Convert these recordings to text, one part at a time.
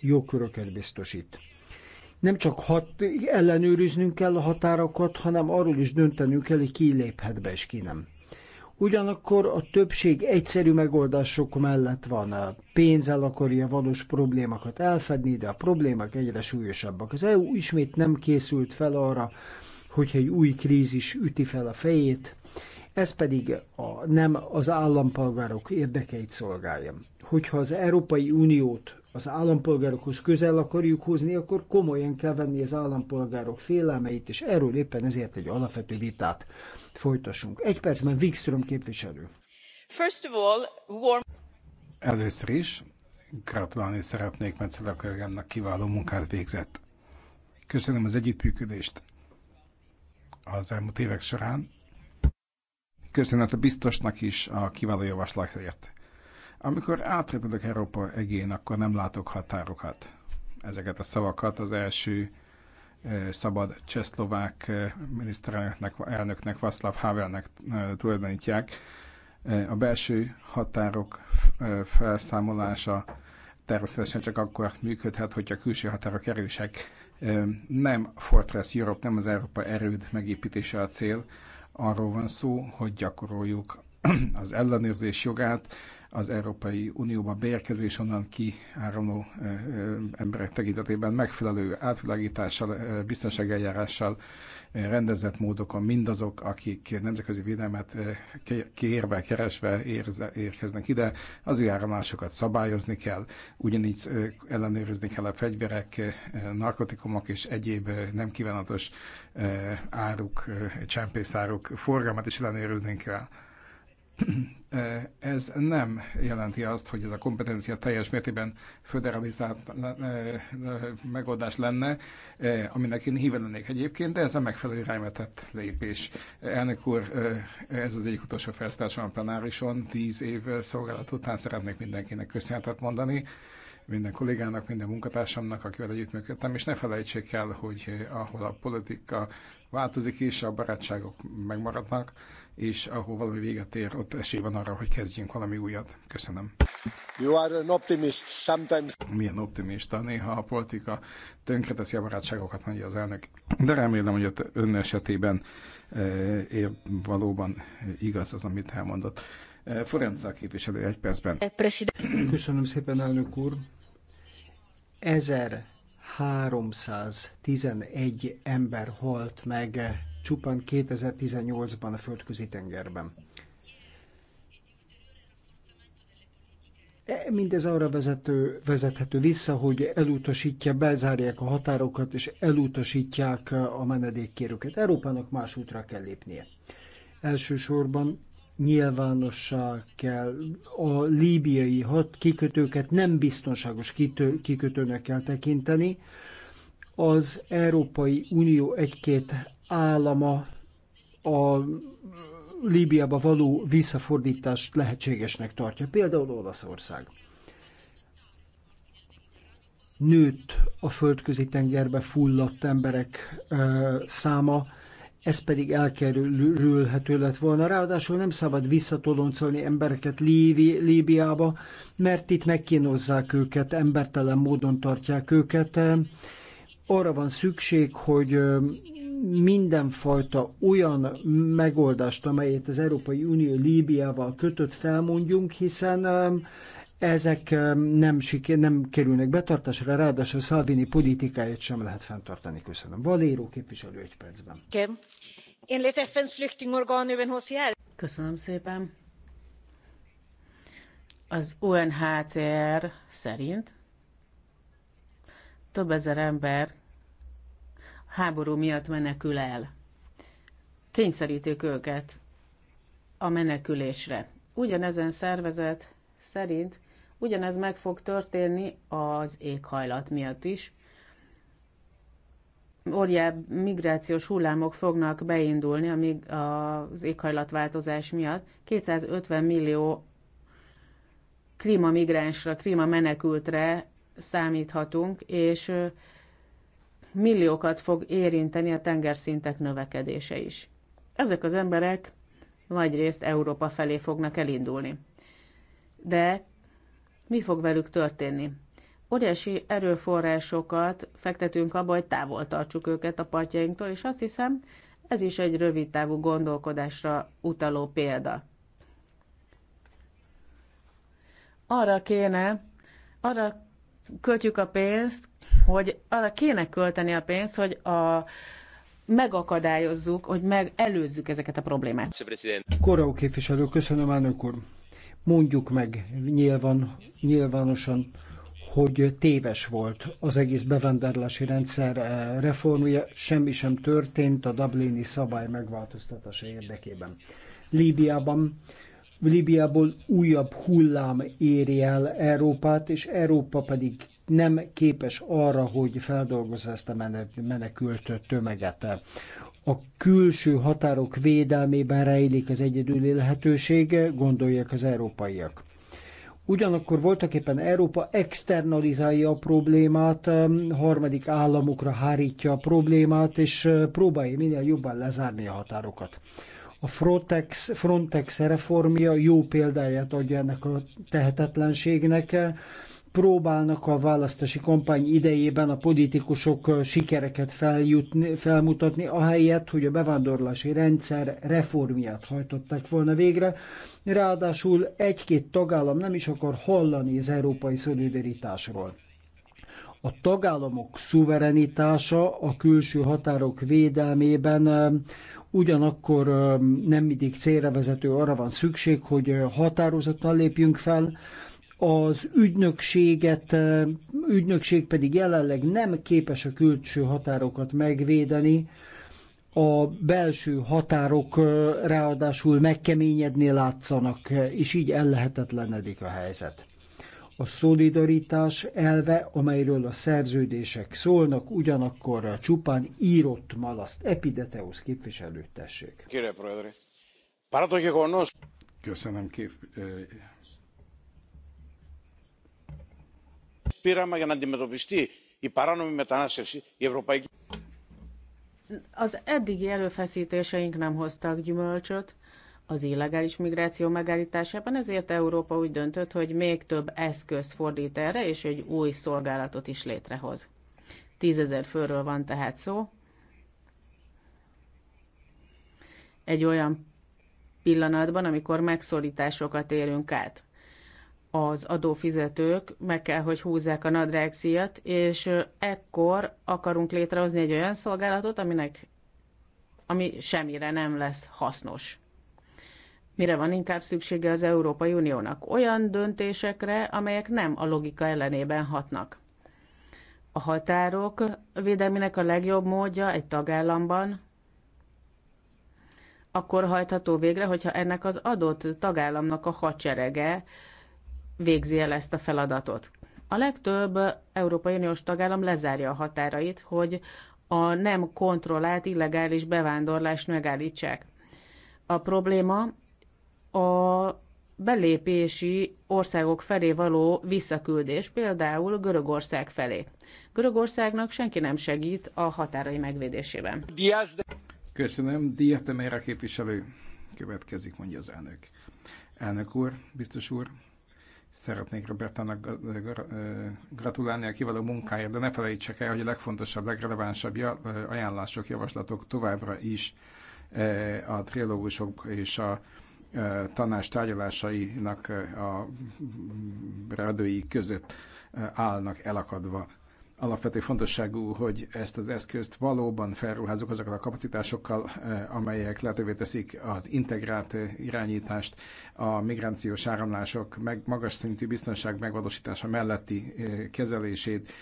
jogköröket biztosít. Nem csak hat, ellenőriznünk kell a határokat, hanem arról is döntenünk kell, hogy ki léphet be és ki nem. Ugyanakkor a többség egyszerű megoldások mellett van. Pénzzel akarja valós problémákat elfedni, de a problémák egyre súlyosabbak. Az EU ismét nem készült fel arra, hogyha egy új krízis üti fel a fejét, ez pedig a, nem az állampolgárok érdekeit szolgálja. Hogyha az Európai Uniót az állampolgárokhoz közel akarjuk hozni, akkor komolyan kell venni az állampolgárok félelmeit, és erről éppen ezért egy alapvető vitát folytassunk. Egy percben Wikström képviselő. First of all, warm... Először is gratulálni szeretnék mert kollégámnak kiváló munkát végzett. Köszönöm az együttműködést az elmúlt évek során. Köszönet a biztosnak is a kiváló javaslatért. Amikor átrepülök Európa egén, akkor nem látok határokat. Ezeket a szavakat az első eh, szabad csehszlovák eh, miniszterelnöknek, elnöknek, Václav Havelnek eh, tulajdonítják. A belső határok felszámolása természetesen csak akkor működhet, hogyha a külső határok erősek. Nem Fortress Europe, nem az Európa erőd megépítése a cél. Arról van szó, hogy gyakoroljuk az ellenőrzés jogát, az Európai Unióba beérkező és onnan kiáramló emberek tekintetében megfelelő átvilágítással, biztonságeljárással rendezett módokon mindazok, akik nemzetközi védelmet kérve, keresve érkeznek ide, az ő áramlásokat szabályozni kell, ugyanígy ellenőrizni kell a fegyverek, narkotikumok és egyéb nem kívánatos áruk, csempészáruk forgalmat is ellenőrizni kell ez nem jelenti azt, hogy ez a kompetencia teljes mértékben föderalizált megoldás lenne, aminek én híve lennék egyébként, de ez a megfelelő irányba lépés. Elnök úr, ez az egyik utolsó felszállásom a plenárison, tíz év szolgálat után szeretnék mindenkinek köszönetet mondani, minden kollégának, minden munkatársamnak, akivel együttműködtem, és ne felejtsék el, hogy ahol a politika változik és a barátságok megmaradnak, és ahol valami véget ér, ott esély van arra, hogy kezdjünk valami újat. Köszönöm. You are an optimist sometimes. Milyen optimista, néha a politika tönkreteszi a barátságokat, mondja az elnök. De remélem, hogy ott ön esetében eh, ér valóban eh, igaz az, amit elmondott. Eh, Forenza képviselő egy percben. Köszönöm szépen, elnök úr. 1311 ember halt meg csupán 2018-ban a földközi tengerben. E, mindez arra vezető, vezethető vissza, hogy elutasítja, bezárják a határokat, és elutasítják a menedékkérőket. Európának más útra kell lépnie. Elsősorban nyilvánossá kell a líbiai hat kikötőket nem biztonságos kitő, kikötőnek kell tekinteni. Az Európai Unió egy-két állama a Líbiába való visszafordítást lehetségesnek tartja, például Olaszország. Nőtt a földközi tengerbe fulladt emberek ö, száma, ez pedig elkerülhető lett volna. Ráadásul nem szabad visszatoloncolni embereket Lívi, Líbiába, mert itt megkínozzák őket, embertelen módon tartják őket. Arra van szükség, hogy mindenfajta olyan megoldást, amelyet az Európai Unió Líbiával kötött, felmondjunk, hiszen um, ezek um, nem, siker, nem kerülnek betartásra, ráadásul Salvini politikáját sem lehet fenntartani. Köszönöm. Valéró képviselő egy percben. Köszönöm szépen. Az UNHCR szerint több ezer ember háború miatt menekül el. Kényszerítik őket a menekülésre. Ugyanezen szervezet szerint ugyanez meg fog történni az éghajlat miatt is. Óriább migrációs hullámok fognak beindulni amíg az éghajlatváltozás miatt. 250 millió klímamigránsra, klímamenekültre számíthatunk, és milliókat fog érinteni a tengerszintek növekedése is. Ezek az emberek nagy részt Európa felé fognak elindulni. De mi fog velük történni? Óriási erőforrásokat fektetünk abba, hogy távol tartsuk őket a partjainktól, és azt hiszem, ez is egy rövid távú gondolkodásra utaló példa. Arra kéne, arra költjük a pénzt, hogy arra kéne költeni a pénzt, hogy a megakadályozzuk, hogy megelőzzük ezeket a problémát. Korau képviselő, köszönöm elnök úr. Mondjuk meg nyilván, nyilvánosan, hogy téves volt az egész bevándorlási rendszer eh, reformja, semmi sem történt a Dublini szabály megváltoztatása érdekében. Líbiában Líbiából újabb hullám éri el Európát, és Európa pedig nem képes arra, hogy feldolgozza ezt a menekült tömeget. A külső határok védelmében rejlik az egyedüli lehetőség, gondolják az európaiak. Ugyanakkor voltak éppen Európa externalizálja a problémát, harmadik államokra hárítja a problémát, és próbálja minél jobban lezárni a határokat. A Frontex, Frontex reformja jó példáját adja ennek a tehetetlenségnek. Próbálnak a választási kampány idejében a politikusok sikereket feljutni, felmutatni, ahelyett, hogy a bevándorlási rendszer reformját hajtották volna végre. Ráadásul egy-két tagállam nem is akar hallani az európai szolidaritásról. A tagállamok szuverenitása a külső határok védelmében ugyanakkor nem mindig célra vezető arra van szükség, hogy határozottan lépjünk fel, az ügynökséget, ügynökség pedig jelenleg nem képes a külső határokat megvédeni, a belső határok ráadásul megkeményedni látszanak, és így ellehetetlenedik a helyzet a szolidaritás elve, amelyről a szerződések szólnak, ugyanakkor a csupán írott malaszt. Epideteusz képviselőt tessék. Köszönöm kép... Az eddigi előfeszítéseink nem hoztak gyümölcsöt, az illegális migráció megállításában, ezért Európa úgy döntött, hogy még több eszközt fordít erre, és egy új szolgálatot is létrehoz. Tízezer főről van tehát szó. Egy olyan pillanatban, amikor megszorításokat érünk át. Az adófizetők meg kell, hogy húzzák a nadrágszíjat, és ekkor akarunk létrehozni egy olyan szolgálatot, aminek ami semmire nem lesz hasznos. Mire van inkább szüksége az Európai Uniónak? Olyan döntésekre, amelyek nem a logika ellenében hatnak. A határok védelmének a legjobb módja egy tagállamban akkor hajtható végre, hogyha ennek az adott tagállamnak a hadserege végzi el ezt a feladatot. A legtöbb Európai Uniós tagállam lezárja a határait, hogy a nem kontrollált illegális bevándorlást megállítsák. A probléma a belépési országok felé való visszaküldés, például Görögország felé. Görögországnak senki nem segít a határai megvédésében. Köszönöm, Diatemera képviselő. Következik, mondja az elnök. Elnök úr, biztos úr, szeretnék Robertának gratulálni a kiváló munkáért, de ne felejtsek el, hogy a legfontosabb, legrelevánsabb ajánlások, javaslatok továbbra is a trilógusok és a tanács tárgyalásainak a redői között állnak elakadva. Alapvető fontosságú, hogy ezt az eszközt valóban felruházzuk azokkal a kapacitásokkal, amelyek lehetővé teszik az integrált irányítást, a migrációs áramlások, meg magas szintű biztonság megvalósítása melletti kezelését,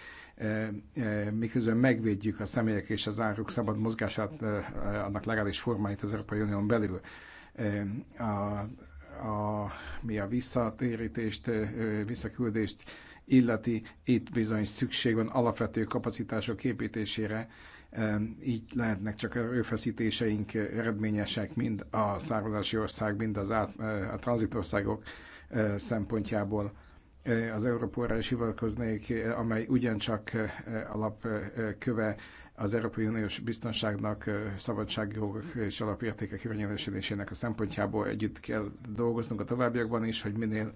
miközben megvédjük a személyek és az áruk szabad mozgását, annak legális formáit az Európai Unión belül a, a, mi a visszatérítést, visszaküldést illeti, itt bizony szükség van alapvető kapacitások építésére, így lehetnek csak erőfeszítéseink eredményesek, mind a származási ország, mind az át, a tranzitországok szempontjából. Az Európóra is hivatkoznék, amely ugyancsak alapköve az Európai Uniós biztonságnak, szabadságjogok és alapértékek érvényesülésének a szempontjából együtt kell dolgoznunk a továbbiakban is, hogy minél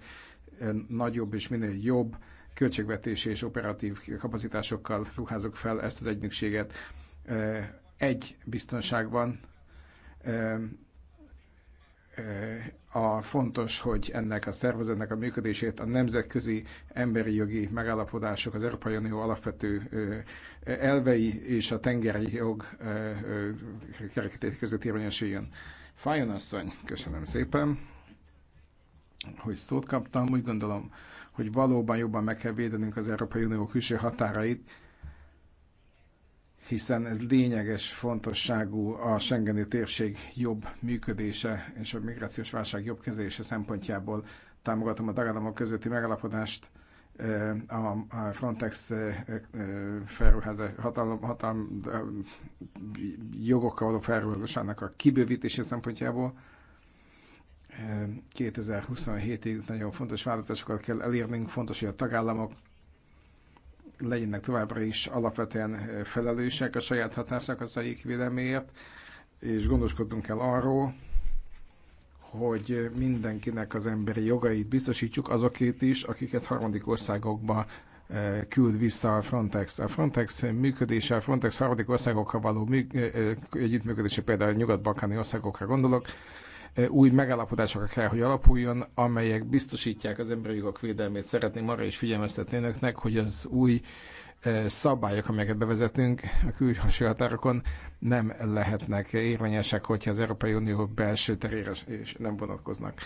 nagyobb és minél jobb költségvetési és operatív kapacitásokkal ruházok fel ezt az egynökséget. Egy biztonságban a fontos, hogy ennek a szervezetnek a működését a nemzetközi emberi jogi megállapodások, az Európai Unió alapvető elvei és a tengeri jog kerekítés között érvényesüljön. Fájon asszony, köszönöm szépen, hogy szót kaptam. Úgy gondolom, hogy valóban jobban meg kell védenünk az Európai Unió külső határait, hiszen ez lényeges fontosságú a Schengeni térség jobb működése és a migrációs válság jobb kezelése szempontjából. Támogatom a tagállamok közötti megállapodást, eh, a Frontex eh, eh, hatalom, hatalom jogokkal való felruházásának a kibővítése szempontjából. 2027-ig nagyon fontos változásokat kell elérnünk, fontos, hogy a tagállamok legyenek továbbra is alapvetően felelősek a saját határszakaszaik véleményért, és gondoskodnunk kell arról, hogy mindenkinek az emberi jogait biztosítsuk azokét is, akiket harmadik országokba küld vissza a Frontex. A Frontex működése, a Frontex harmadik országokkal való együttműködése, például a nyugat-balkáni országokra gondolok, új megállapodásokra kell, hogy alapuljon, amelyek biztosítják az emberi jogok védelmét. Szeretném arra is figyelmeztetni önöknek, hogy az új szabályok, amelyeket bevezetünk a külső határokon, nem lehetnek érvényesek, hogyha az Európai Unió belső terére és nem vonatkoznak.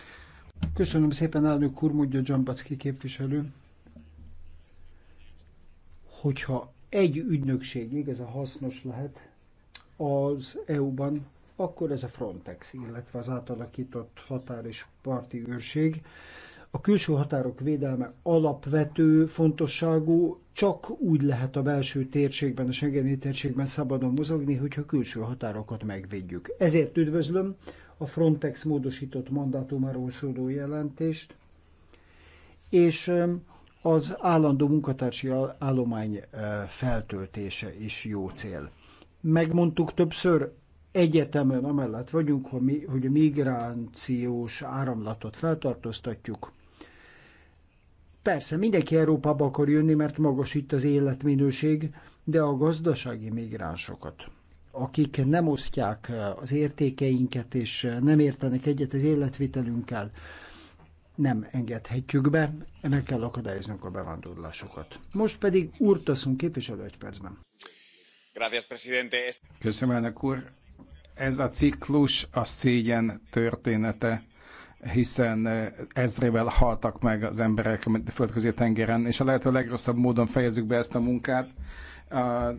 Köszönöm szépen, elnök úr, mondja Dzsambacki képviselő. Hogyha egy ügynökség igazán hasznos lehet az EU-ban, akkor ez a Frontex, illetve az átalakított határ és parti őrség. A külső határok védelme alapvető fontosságú, csak úgy lehet a belső térségben, a Schengeni térségben szabadon mozogni, hogyha külső határokat megvédjük. Ezért üdvözlöm a Frontex módosított mandátumáról szóló jelentést, és az állandó munkatársi állomány feltöltése is jó cél. Megmondtuk többször, Egyértelműen amellett vagyunk, hogy a migrációs áramlatot feltartóztatjuk. Persze, mindenki Európába akar jönni, mert magas itt az életminőség, de a gazdasági migránsokat, akik nem osztják eh, az értékeinket és eh, nem értenek egyet az életvitelünkkel, nem engedhetjük be, meg kell akadályoznunk a bevándorlásokat. Most pedig úrtaszunk képviselő egy percben. Köszönöm, elnök úr. Ez a ciklus a szégyen története, hiszen eh, ezrével haltak meg az emberek a földközi tengeren, és a lehető legrosszabb módon fejezzük be ezt a munkát. A, a,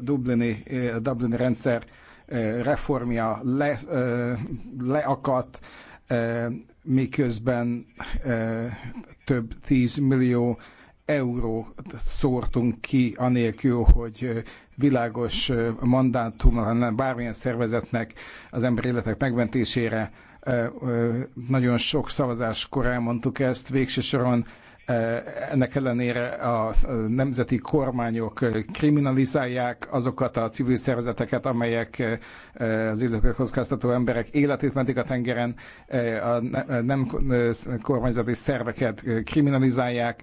Dublini, a eh, Dublini rendszer eh, reformja le, leakadt, miközben több tíz millió eurót szórtunk ki, anélkül, hogy világos mandátum hanem bármilyen szervezetnek az emberi életek megmentésére. Nagyon sok szavazáskor elmondtuk ezt, végső soron ennek ellenére a nemzeti kormányok kriminalizálják azokat a civil szervezeteket, amelyek az illetőket kockáztató emberek életét mentik a tengeren, a nem kormányzati szerveket kriminalizálják,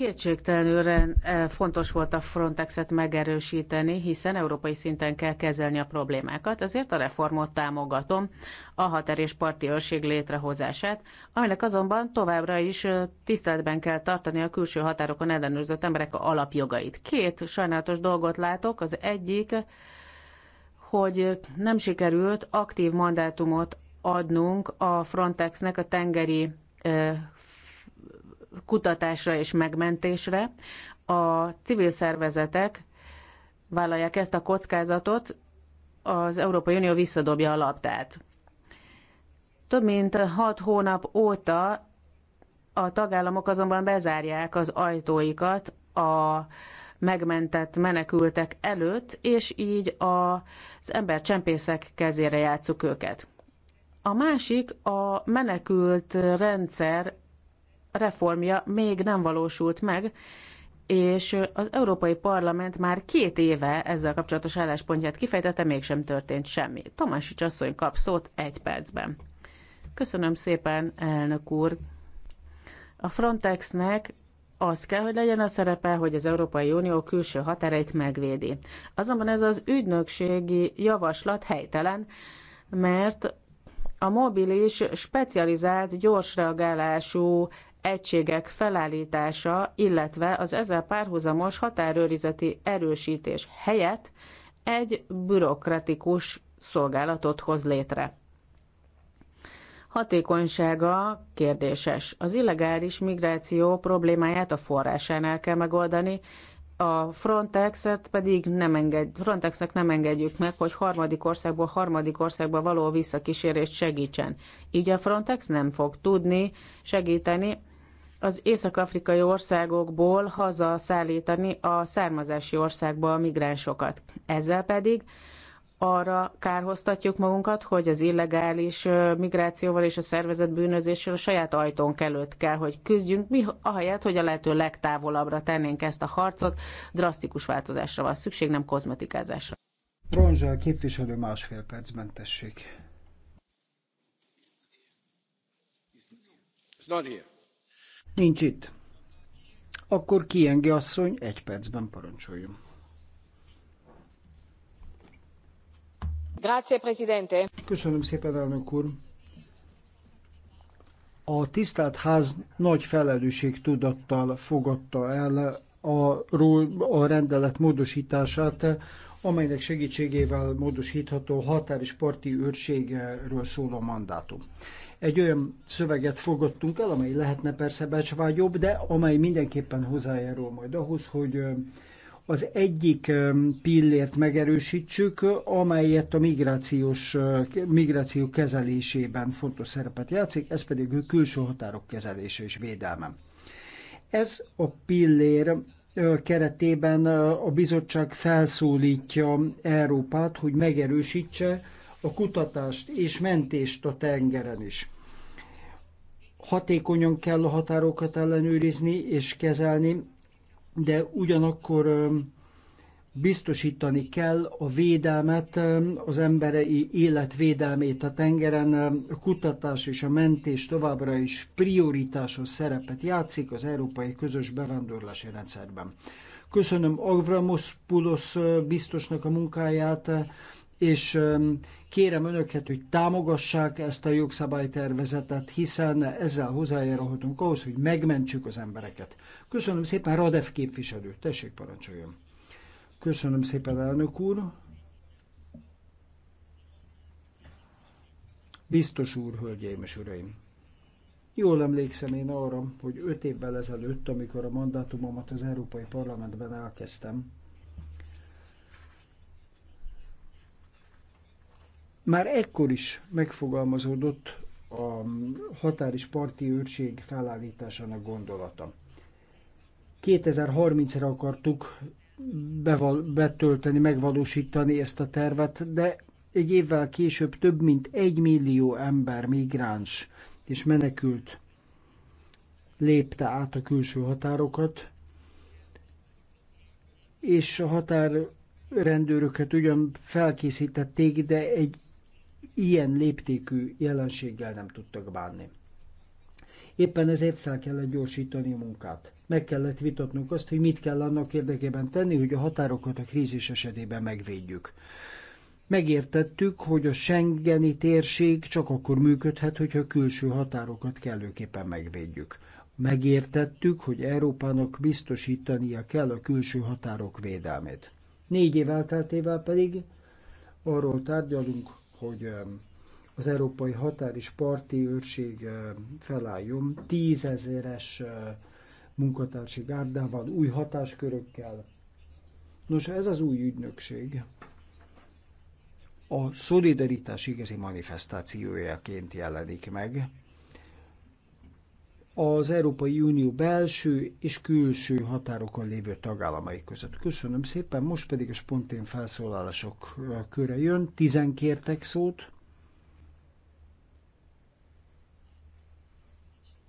Kétségtelenül e, fontos volt a Frontexet megerősíteni, hiszen európai szinten kell kezelni a problémákat, ezért a reformot támogatom, a határ és parti őrség létrehozását, aminek azonban továbbra is tiszteletben kell tartani a külső határokon ellenőrzött emberek alapjogait. Két sajnálatos dolgot látok, az egyik, hogy nem sikerült aktív mandátumot adnunk a Frontexnek a tengeri kutatásra és megmentésre. A civil szervezetek vállalják ezt a kockázatot, az Európai Unió visszadobja a labdát. Több mint hat hónap óta a tagállamok azonban bezárják az ajtóikat a megmentett menekültek előtt, és így az csempészek kezére játszuk őket. A másik a menekült rendszer reformja még nem valósult meg, és az Európai Parlament már két éve ezzel kapcsolatos álláspontját kifejtette, mégsem történt semmi. Tomásics Csasszony kap szót egy percben. Köszönöm szépen, elnök úr. A Frontexnek az kell, hogy legyen a szerepe, hogy az Európai Unió külső határait megvédi. Azonban ez az ügynökségi javaslat helytelen, mert a mobilis, specializált, gyors reagálású egységek felállítása, illetve az ezzel párhuzamos határőrizeti erősítés helyett egy bürokratikus szolgálatot hoz létre. Hatékonysága kérdéses. Az illegális migráció problémáját a forrásánál kell megoldani, a Frontexet pedig nem enged, Frontexnek nem engedjük meg, hogy harmadik országból harmadik országba való visszakísérést segítsen. Így a Frontex nem fog tudni segíteni az észak-afrikai országokból haza szállítani a származási országba a migránsokat. Ezzel pedig arra kárhoztatjuk magunkat, hogy az illegális migrációval és a szervezett bűnözéssel a saját ajtónk előtt kell, hogy küzdjünk, mi ahelyett, hogy a lehető legtávolabbra tennénk ezt a harcot, drasztikus változásra van szükség, nem kozmetikázásra. Ronzsel képviselő másfél percben tessék. It's not here. Nincs itt. Akkor kiengi asszony, egy percben parancsoljon. Grazie, Presidente. Köszönöm szépen, elnök úr. A tisztelt ház nagy felelősség tudattal fogadta el a, a rendelet módosítását, amelynek segítségével módosítható határ és parti őrségről szóló mandátum egy olyan szöveget fogadtunk el, amely lehetne persze becsvágyobb, de amely mindenképpen hozzájárul majd ahhoz, hogy az egyik pillért megerősítsük, amelyet a migrációs, migráció kezelésében fontos szerepet játszik, ez pedig a külső határok kezelése és védelme. Ez a pillér keretében a bizottság felszólítja Európát, hogy megerősítse a kutatást és mentést a tengeren is. Hatékonyan kell a határokat ellenőrizni és kezelni, de ugyanakkor biztosítani kell a védelmet, az emberi életvédelmét a tengeren, a kutatás és a mentés továbbra is prioritásos szerepet játszik az európai közös bevándorlási rendszerben. Köszönöm Pulos biztosnak a munkáját, és kérem önöket, hogy támogassák ezt a jogszabálytervezetet, hiszen ezzel hozzájárulhatunk ahhoz, hogy megmentsük az embereket. Köszönöm szépen, Radev képviselő, tessék parancsoljon. Köszönöm szépen, elnök úr. Biztos úr, hölgyeim és uraim! Jól emlékszem én arra, hogy öt évvel ezelőtt, amikor a mandátumomat az Európai Parlamentben elkezdtem, Már ekkor is megfogalmazódott a határis parti őrség felállításának gondolata. 2030-ra akartuk beval, betölteni, megvalósítani ezt a tervet, de egy évvel később több mint egy millió ember, migráns és menekült lépte át a külső határokat, és a határrendőröket ugyan felkészítették, de egy ilyen léptékű jelenséggel nem tudtak bánni. Éppen ezért fel kellett gyorsítani a munkát. Meg kellett vitatnunk azt, hogy mit kell annak érdekében tenni, hogy a határokat a krízis esetében megvédjük. Megértettük, hogy a Schengeni térség csak akkor működhet, hogyha a külső határokat kellőképpen megvédjük. Megértettük, hogy Európának biztosítania kell a külső határok védelmét. Négy év elteltével pedig arról tárgyalunk, hogy az európai határ és parti őrség felálljon tízezeres munkatársi gárdával, új hatáskörökkel. Nos, ez az új ügynökség a szolidaritás igazi manifestációjaként jelenik meg, az Európai Unió belső és külső határokon lévő tagállamai között. Köszönöm szépen, most pedig a spontén felszólalások köre jön. Tizen kértek szót.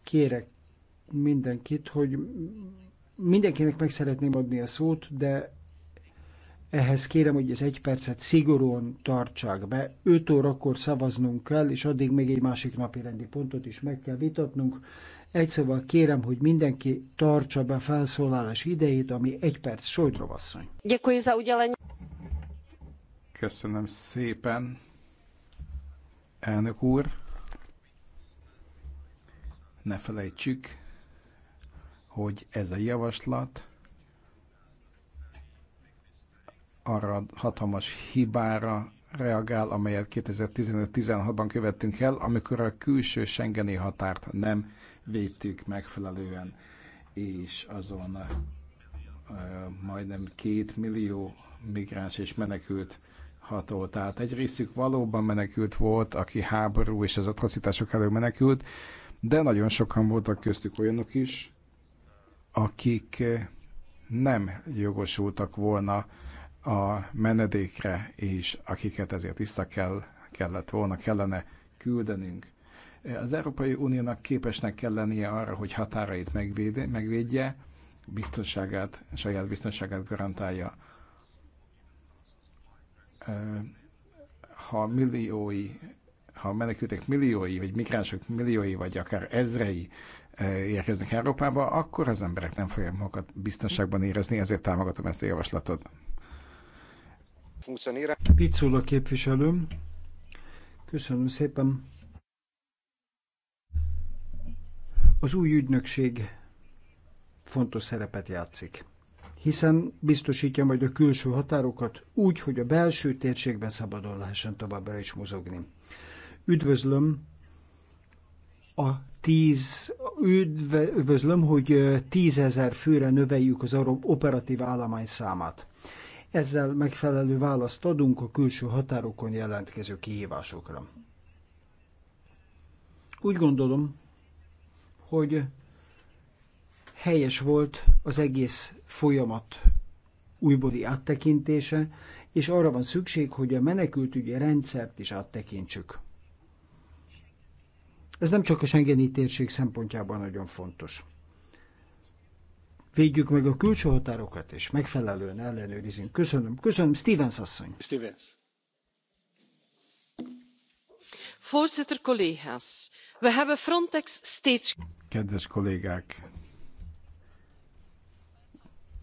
Kérek mindenkit, hogy mindenkinek meg szeretném adni a szót, de ehhez kérem, hogy ez egy percet szigorúan tartsák be. 5 órakor szavaznunk kell, és addig még egy másik napi rendi pontot is meg kell vitatnunk. Egy szóval kérem, hogy mindenki tartsa be felszólalás idejét, ami egy perc. Sojdrov asszony. Köszönöm szépen, elnök úr. Ne felejtsük, hogy ez a javaslat arra hatalmas hibára reagál, amelyet 2015-16-ban követtünk el, amikor a külső Schengeni határt nem védtük megfelelően, és azon majdnem két millió migráns és menekült hatolt Tehát Egy részük valóban menekült volt, aki háború és az atrocitások elől menekült, de nagyon sokan voltak köztük olyanok is, akik nem jogosultak volna a menedékre, és akiket ezért vissza kell, kellett volna, kellene küldenünk. Az Európai Uniónak képesnek kell lennie arra, hogy határait megvédje, megvédje biztonságát, saját biztonságát garantálja. Ha milliói, ha menekültek milliói, vagy migránsok milliói, vagy akár ezrei érkeznek Európába, akkor az emberek nem fogják magukat biztonságban érezni, ezért támogatom ezt a javaslatot. Picula képviselőm, köszönöm szépen. Az új ügynökség fontos szerepet játszik, hiszen biztosítja majd a külső határokat úgy, hogy a belső térségben szabadon lehessen továbbra is mozogni. Üdvözlöm a tíz, üdvözlöm, hogy tízezer főre növeljük az operatív állomány számát. Ezzel megfelelő választ adunk a külső határokon jelentkező kihívásokra. Úgy gondolom, hogy helyes volt az egész folyamat újbóli áttekintése, és arra van szükség, hogy a menekültügyi rendszert is áttekintsük. Ez nem csak a Schengeni térség szempontjában nagyon fontos. Védjük meg a külső határokat, és megfelelően ellenőrizünk. Köszönöm, köszönöm, Stevens asszony. Stevens voorzitter collega's we hebben frontex steeds. kedves kollégák!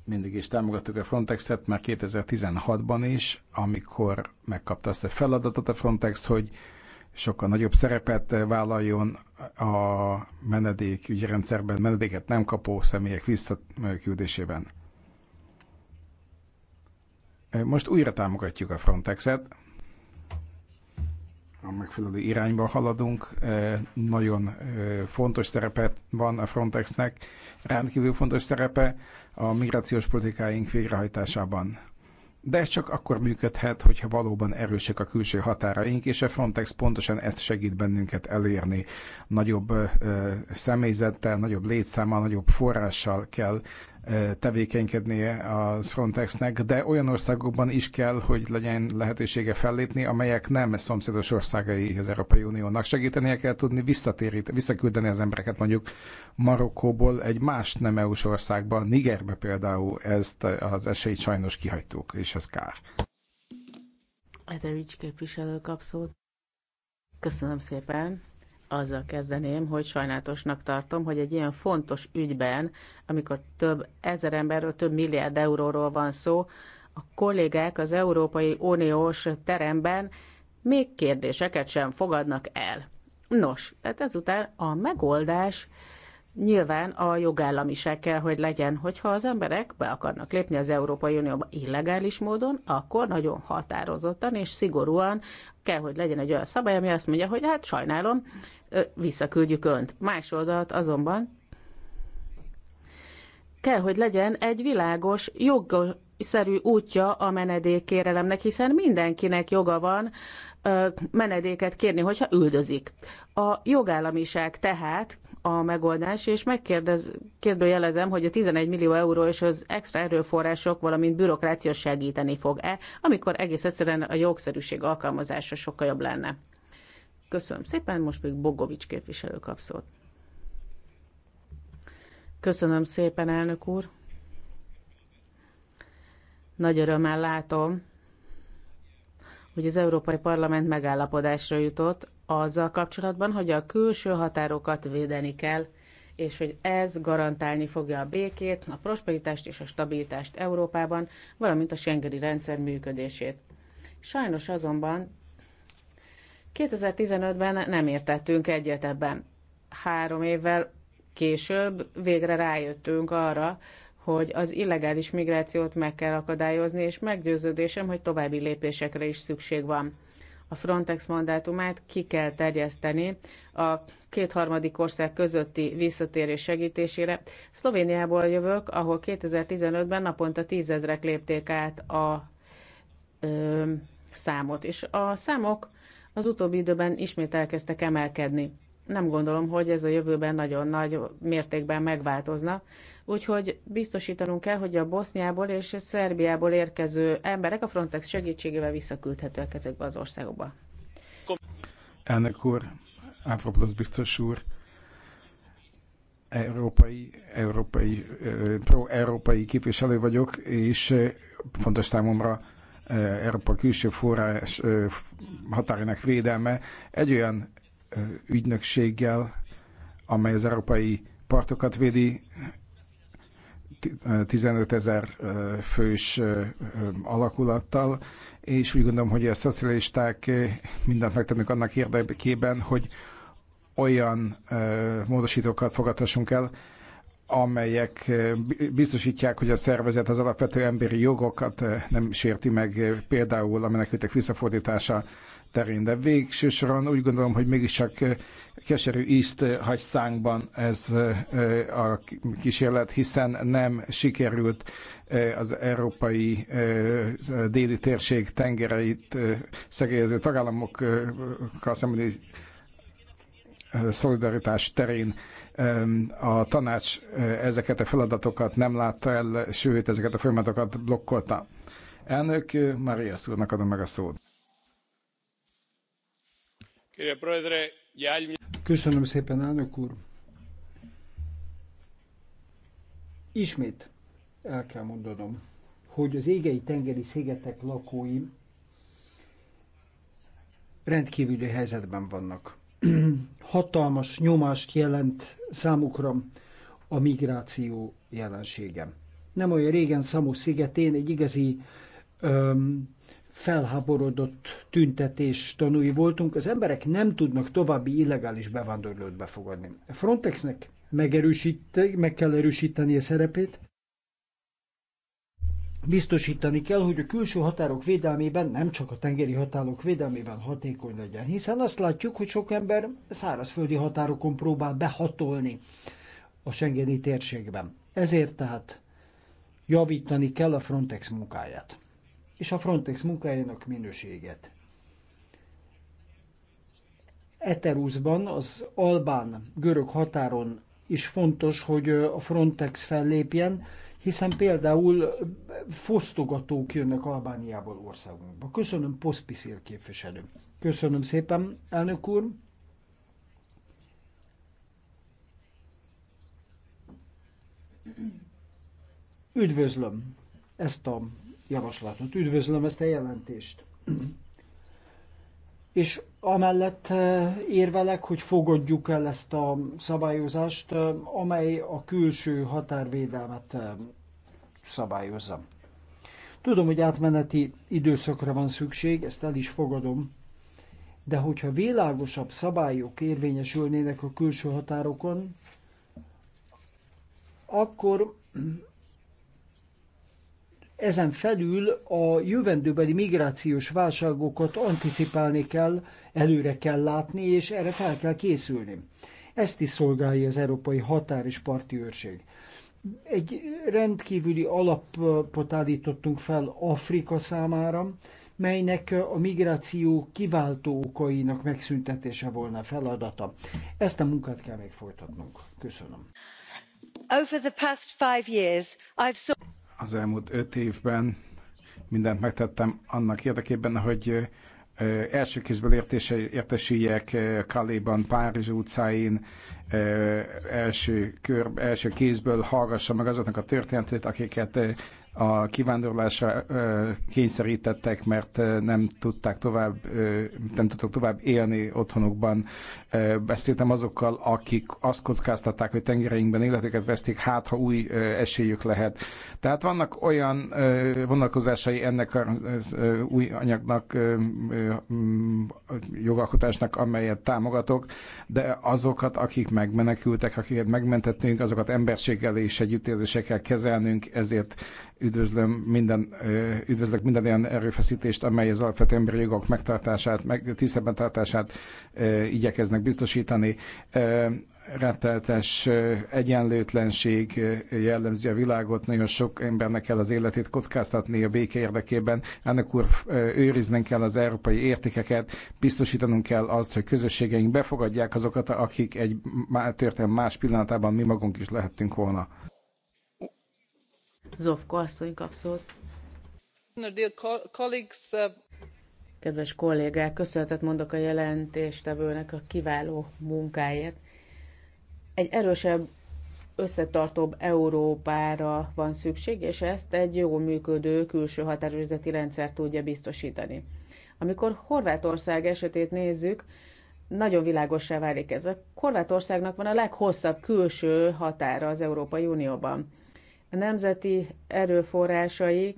mindig is támogattuk a Frontexet, már 2016-ban is, amikor megkapta azt a feladatot a Frontex, hogy sokkal nagyobb szerepet vállaljon a menedékügyi rendszerben, menedéket nem kapó személyek visszaküldésében. Most újra támogatjuk a Frontexet, megfelelő irányba haladunk. Nagyon fontos szerepe van a Frontexnek, rendkívül fontos szerepe a migrációs politikáink végrehajtásában. De ez csak akkor működhet, hogyha valóban erősek a külső határaink, és a Frontex pontosan ezt segít bennünket elérni. Nagyobb ö, személyzettel, nagyobb létszámmal, nagyobb forrással kell tevékenykednie a Frontexnek, de olyan országokban is kell, hogy legyen lehetősége fellépni, amelyek nem szomszédos országai az Európai Uniónak. Segítenie kell tudni visszatérít, visszaküldeni az embereket mondjuk Marokkóból egy más nem EU-s országba, Nigerbe például ezt az esélyt sajnos kihagytuk, és ez kár. Ederics képviselő kap Köszönöm szépen azzal kezdeném, hogy sajnálatosnak tartom, hogy egy ilyen fontos ügyben, amikor több ezer emberről, több milliárd euróról van szó, a kollégák az Európai Uniós teremben még kérdéseket sem fogadnak el. Nos, tehát ezután a megoldás nyilván a jogállamiság kell, hogy legyen, hogyha az emberek be akarnak lépni az Európai Unióba illegális módon, akkor nagyon határozottan és szigorúan kell, hogy legyen egy olyan szabály, ami azt mondja, hogy hát sajnálom, visszaküldjük önt. Más oldalt azonban kell, hogy legyen egy világos, jogszerű útja a menedékkérelemnek, hiszen mindenkinek joga van menedéket kérni, hogyha üldözik. A jogállamiság tehát a megoldás, és megkérdőjelezem, hogy a 11 millió euró és az extra erőforrások, valamint bürokrácia segíteni fog-e, amikor egész egyszerűen a jogszerűség alkalmazása sokkal jobb lenne. Köszönöm szépen, most még Bogovics képviselő kap szót. Köszönöm szépen, elnök úr. Nagy örömmel látom, hogy az Európai Parlament megállapodásra jutott azzal kapcsolatban, hogy a külső határokat védeni kell, és hogy ez garantálni fogja a békét, a prosperitást és a stabilitást Európában, valamint a Schengeni rendszer működését. Sajnos azonban 2015-ben nem értettünk egyet ebben. Három évvel később végre rájöttünk arra, hogy az illegális migrációt meg kell akadályozni, és meggyőződésem, hogy további lépésekre is szükség van. A Frontex mandátumát ki kell terjeszteni a kétharmadik ország közötti visszatérés segítésére. Szlovéniából jövök, ahol 2015-ben naponta tízezrek lépték át a ö, számot, és a számok az utóbbi időben ismét elkezdtek emelkedni. Nem gondolom, hogy ez a jövőben nagyon nagy mértékben megváltozna, úgyhogy biztosítanunk kell, hogy a Boszniából és Szerbiából érkező emberek a Frontex segítségével visszaküldhetőek ezekbe az országokba. Elnök úr, Áfroplusz biztos úr, európai, európai, pro-európai képviselő vagyok, és fontos számomra E, Európa külső forrás e, határának védelme egy olyan e, ügynökséggel, amely az európai partokat védi, 15 ezer fős alakulattal, és úgy gondolom, hogy a szocialisták mindent megtennek annak érdekében, hogy olyan módosítókat fogadhassunk el, amelyek eh, biztosítják, hogy a szervezet az alapvető emberi jogokat eh, nem sérti meg, eh, például a menekültek visszafordítása terén. De végső soron úgy gondolom, hogy mégiscsak keserű ízt hagy szánkban ez a kísérlet, hiszen nem sikerült az európai déli térség tengereit szegélyező tagállamokkal szembeni szolidaritás terén a tanács e, ezeket a feladatokat nem látta el, sőt, ezeket a folyamatokat blokkolta. Elnök, e, Maria Szúrnak adom meg a szót. Köszönöm szépen, elnök úr. Ismét el kell mondanom, hogy az égei tengeri szigetek lakói rendkívüli helyzetben vannak. hatalmas nyomást jelent számukra a migráció jelensége. Nem olyan régen Szamu szigetén egy igazi öm, felháborodott tüntetés tanúi voltunk, az emberek nem tudnak további illegális bevándorlót befogadni. A Frontexnek meg kell erősíteni a szerepét, Biztosítani kell, hogy a külső határok védelmében, nem csak a tengeri határok védelmében hatékony legyen, hiszen azt látjuk, hogy sok ember szárazföldi határokon próbál behatolni a Schengeni térségben. Ezért tehát javítani kell a Frontex munkáját, és a Frontex munkájának minőséget. Eterusban, az Albán-görög határon is fontos, hogy a Frontex fellépjen, hiszen például fosztogatók jönnek Albániából országunkba. Köszönöm, Poszpiszél képviselő. Köszönöm szépen, elnök úr. Üdvözlöm ezt a javaslatot, üdvözlöm ezt a jelentést és amellett eh, érvelek, hogy fogadjuk el ezt a szabályozást, eh, amely a külső határvédelmet eh, szabályozza. Tudom, hogy átmeneti időszakra van szükség, ezt el is fogadom, de hogyha világosabb szabályok érvényesülnének a külső határokon, akkor ezen felül a jövendőbeli migrációs válságokat anticipálni kell, előre kell látni, és erre fel kell készülni. Ezt is szolgálja az Európai Határ és Parti Őrség. Egy rendkívüli alapot állítottunk fel Afrika számára, melynek a migráció kiváltó okainak megszüntetése volna feladata. Ezt a munkát kell még folytatnunk. Köszönöm. Over the past five years, I've az elmúlt öt évben mindent megtettem annak érdekében, hogy első kézből értesüljek Kaléban, Párizs utcáin, első, kör, első kézből hallgassa meg azoknak a történetét, akiket a kivándorlásra kényszerítettek, mert nem tudták tovább, nem tudtak tovább élni otthonukban. Beszéltem azokkal, akik azt kockáztatták, hogy tengereinkben életüket veszték, hát ha új esélyük lehet. Tehát vannak olyan vonatkozásai ennek az új anyagnak, jogalkotásnak, amelyet támogatok, de azokat, akik megmenekültek, akiket megmentettünk, azokat emberséggel és együttérzésekkel kezelnünk, ezért üdvözlöm minden, üdvözlök minden olyan erőfeszítést, amely az alapvető emberi jogok megtartását, meg tisztelben tartását igyekeznek biztosítani retteltes eh, egyenlőtlenség eh, jellemzi a világot, nagyon sok embernek kell az életét kockáztatni a béke érdekében. Ennek úr eh, őriznünk kell az európai értékeket, biztosítanunk kell azt, hogy közösségeink befogadják azokat, akik egy történet más pillanatában mi magunk is lehettünk volna. Zovko asszony kap uh, Kedves kollégák, köszönetet mondok a jelentéstevőnek a kiváló munkáért egy erősebb, összetartóbb Európára van szükség, és ezt egy jó működő külső határőrzeti rendszer tudja biztosítani. Amikor Horvátország esetét nézzük, nagyon világosá válik ez. A Horvátországnak van a leghosszabb külső határa az Európai Unióban. A nemzeti erőforrásai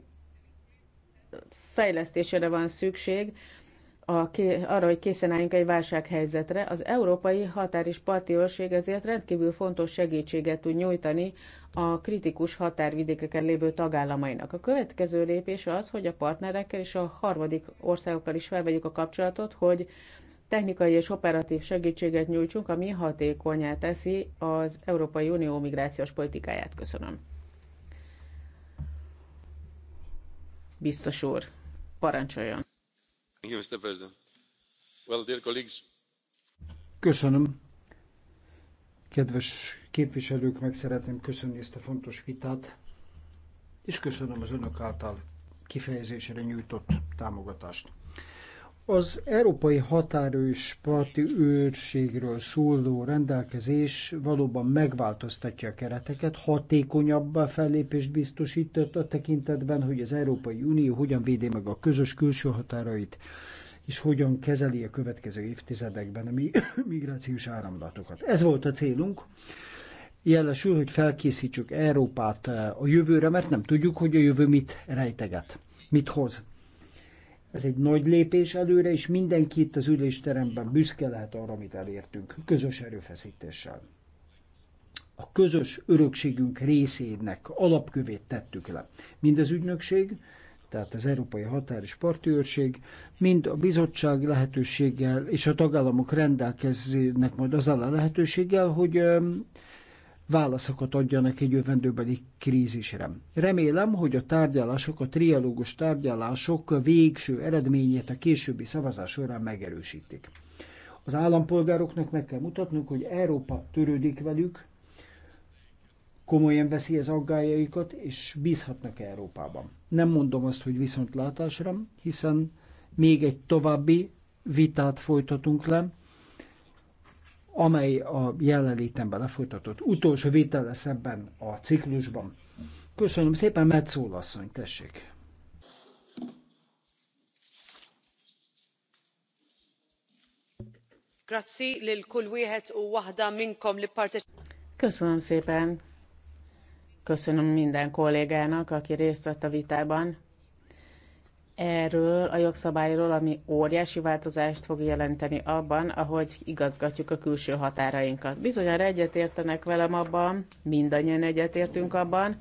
fejlesztésére van szükség, a, arra, hogy készen álljunk egy válsághelyzetre. Az Európai Határ és Parti Őrség ezért rendkívül fontos segítséget tud nyújtani a kritikus határvidékeken lévő tagállamainak. A következő lépés az, hogy a partnerekkel és a harmadik országokkal is felvegyük a kapcsolatot, hogy technikai és operatív segítséget nyújtsunk, ami hatékonyá teszi az Európai Unió migrációs politikáját. Köszönöm. Biztos úr, parancsoljon! Köszönöm. Kedves képviselők, meg szeretném köszönni ezt a fontos vitát, és köszönöm az önök által kifejezésre nyújtott támogatást. Az Európai Határős Parti Őrségről szóló rendelkezés valóban megváltoztatja a kereteket, hatékonyabb fellépést biztosított a tekintetben, hogy az Európai Unió hogyan védi meg a közös külső határait, és hogyan kezeli a következő évtizedekben a migrációs áramlatokat. Ez volt a célunk. Jelesül, hogy felkészítsük Európát eh, a jövőre, mert nem tudjuk, hogy a jövő mit rejteget, mit hoz. Ez egy nagy lépés előre, és mindenki itt az ülésteremben büszke lehet arra, amit elértünk, közös erőfeszítéssel. A közös örökségünk részének alapkövét tettük le. Mind az ügynökség, tehát az Európai Határ és Parti Őrség, mind a bizottság lehetőséggel, és a tagállamok rendelkeznek majd az a lehetőséggel, hogy válaszokat adjanak egy jövendőbeli krízisre. Remélem, hogy a tárgyalások, a trialógus tárgyalások végső eredményét a későbbi szavazás során megerősítik. Az állampolgároknak meg kell mutatnunk, hogy Európa törődik velük, komolyan veszi az aggájaikat, és bízhatnak Európában. Nem mondom azt, hogy viszontlátásra, hiszen még egy további vitát folytatunk le, amely a jelenlétemben lefolytatott utolsó vétel lesz ebben a ciklusban. Köszönöm szépen, Metszól asszony, tessék! Köszönöm szépen! Köszönöm minden kollégának, aki részt vett a vitában erről a jogszabályról, ami óriási változást fog jelenteni abban, ahogy igazgatjuk a külső határainkat. Bizonyára egyetértenek velem abban, mindannyian egyetértünk abban,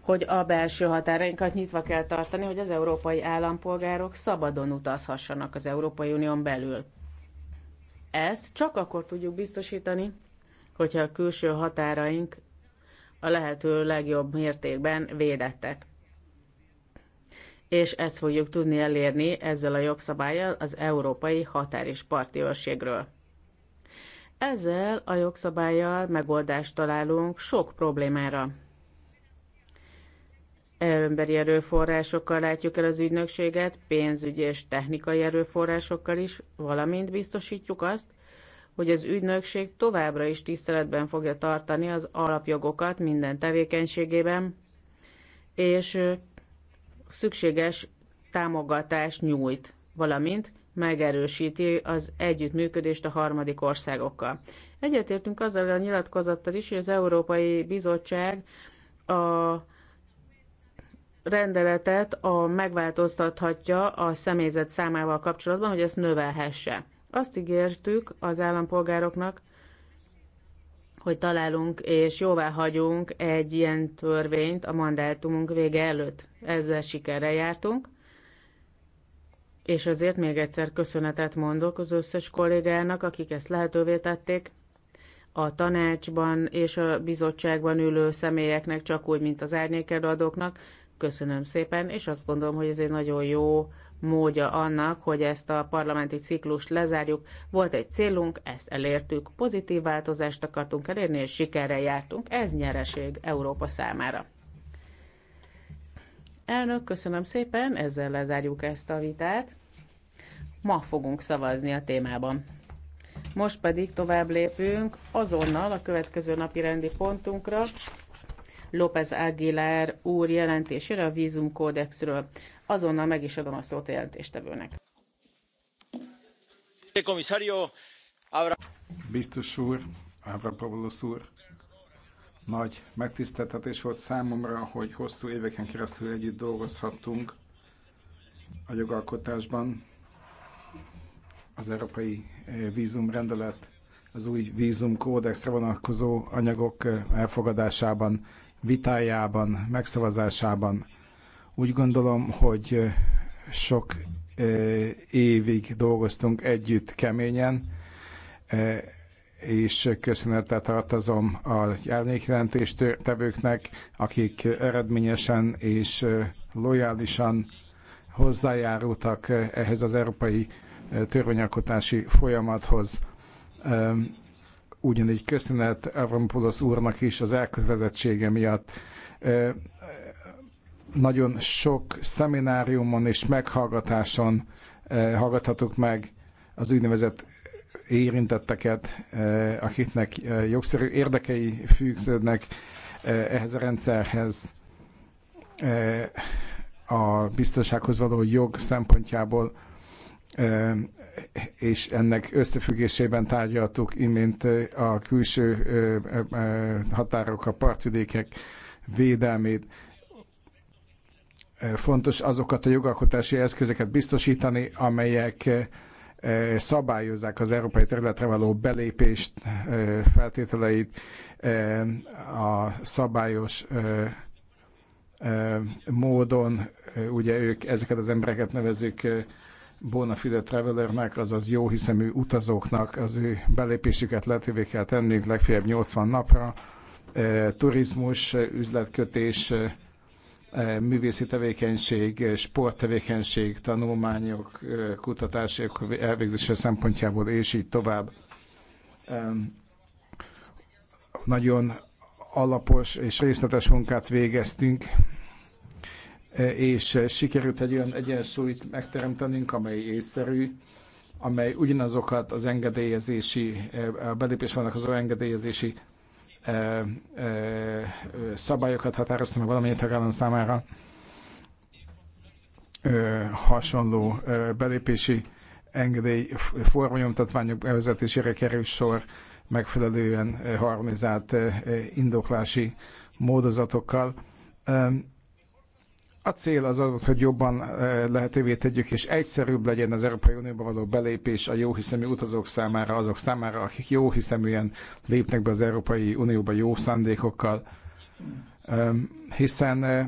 hogy a belső határainkat nyitva kell tartani, hogy az európai állampolgárok szabadon utazhassanak az Európai Unión belül. Ezt csak akkor tudjuk biztosítani, hogyha a külső határaink a lehető legjobb mértékben védettek és ezt fogjuk tudni elérni ezzel a jogszabályjal az európai határ és parti őrségről. Ezzel a jogszabályjal megoldást találunk sok problémára. Emberi erőforrásokkal látjuk el az ügynökséget, pénzügyi és technikai erőforrásokkal is, valamint biztosítjuk azt, hogy az ügynökség továbbra is tiszteletben fogja tartani az alapjogokat minden tevékenységében, és szükséges támogatást nyújt, valamint megerősíti az együttműködést a harmadik országokkal. Egyetértünk azzal a nyilatkozattal is, hogy az Európai Bizottság a rendeletet a megváltoztathatja a személyzet számával kapcsolatban, hogy ezt növelhesse. Azt ígértük az állampolgároknak, hogy találunk és jóvá hagyunk egy ilyen törvényt a mandátumunk vége előtt. Ezzel sikerre jártunk, és azért még egyszer köszönetet mondok az összes kollégának, akik ezt lehetővé tették, a tanácsban és a bizottságban ülő személyeknek, csak úgy, mint az árnyékeladóknak. Köszönöm szépen, és azt gondolom, hogy ez egy nagyon jó módja annak, hogy ezt a parlamenti ciklust lezárjuk. Volt egy célunk, ezt elértük, pozitív változást akartunk elérni, és sikerrel jártunk. Ez nyereség Európa számára. Elnök, köszönöm szépen, ezzel lezárjuk ezt a vitát. Ma fogunk szavazni a témában. Most pedig tovább lépünk azonnal a következő napi rendi pontunkra, López Aguilar úr jelentésére a vízumkódexről. Azonnal meg is adom a szót a jelentéstevőnek. Biztos úr, Avrapavlos úr, nagy megtiszteltetés volt számomra, hogy hosszú éveken keresztül együtt dolgozhattunk a jogalkotásban. Az Európai eh, Vízumrendelet, az új vízumkódexre vonatkozó anyagok eh, elfogadásában vitájában, megszavazásában. Úgy gondolom, hogy sok évig dolgoztunk együtt keményen, és köszönetet tartozom a jelnékjelentést tevőknek, akik eredményesen és lojálisan hozzájárultak ehhez az európai törvényalkotási folyamathoz ugyanígy köszönet Avramopoulos úrnak is az elkötelezettsége miatt. Nagyon sok szemináriumon és meghallgatáson hallgathatok meg az úgynevezett érintetteket, akiknek jogszerű érdekei fűződnek ehhez a rendszerhez, a biztonsághoz való jog szempontjából és ennek összefüggésében tárgyaltuk imént a külső határok, a partvidékek védelmét. Fontos azokat a jogalkotási eszközeket biztosítani, amelyek szabályozzák az európai területre való belépést, feltételeit, a szabályos módon, ugye ők ezeket az embereket nevezik bona fide travelernek, azaz jó hiszemű utazóknak az ő belépésüket lehetővé kell tenni, legfeljebb 80 napra. E, turizmus, e, üzletkötés, e, művészi tevékenység, sporttevékenység, tanulmányok, kutatások elvégzése szempontjából, és így tovább. Nagyon alapos és részletes munkát végeztünk és sikerült egy olyan egyensúlyt megteremtenünk, amely észszerű, amely ugyanazokat az engedélyezési, a belépés vannak az engedélyezési e, e, szabályokat határozta meg valamilyen tagállam számára hasonló belépési engedély formanyomtatványok bevezetésére kerül sor megfelelően harmonizált indoklási módozatokkal a cél az az, hogy jobban eh, lehetővé tegyük, és egyszerűbb legyen az Európai Unióba való belépés a jóhiszemű utazók számára, azok számára, akik jóhiszeműen lépnek be az Európai Unióba jó szándékokkal, ehm, hiszen eh,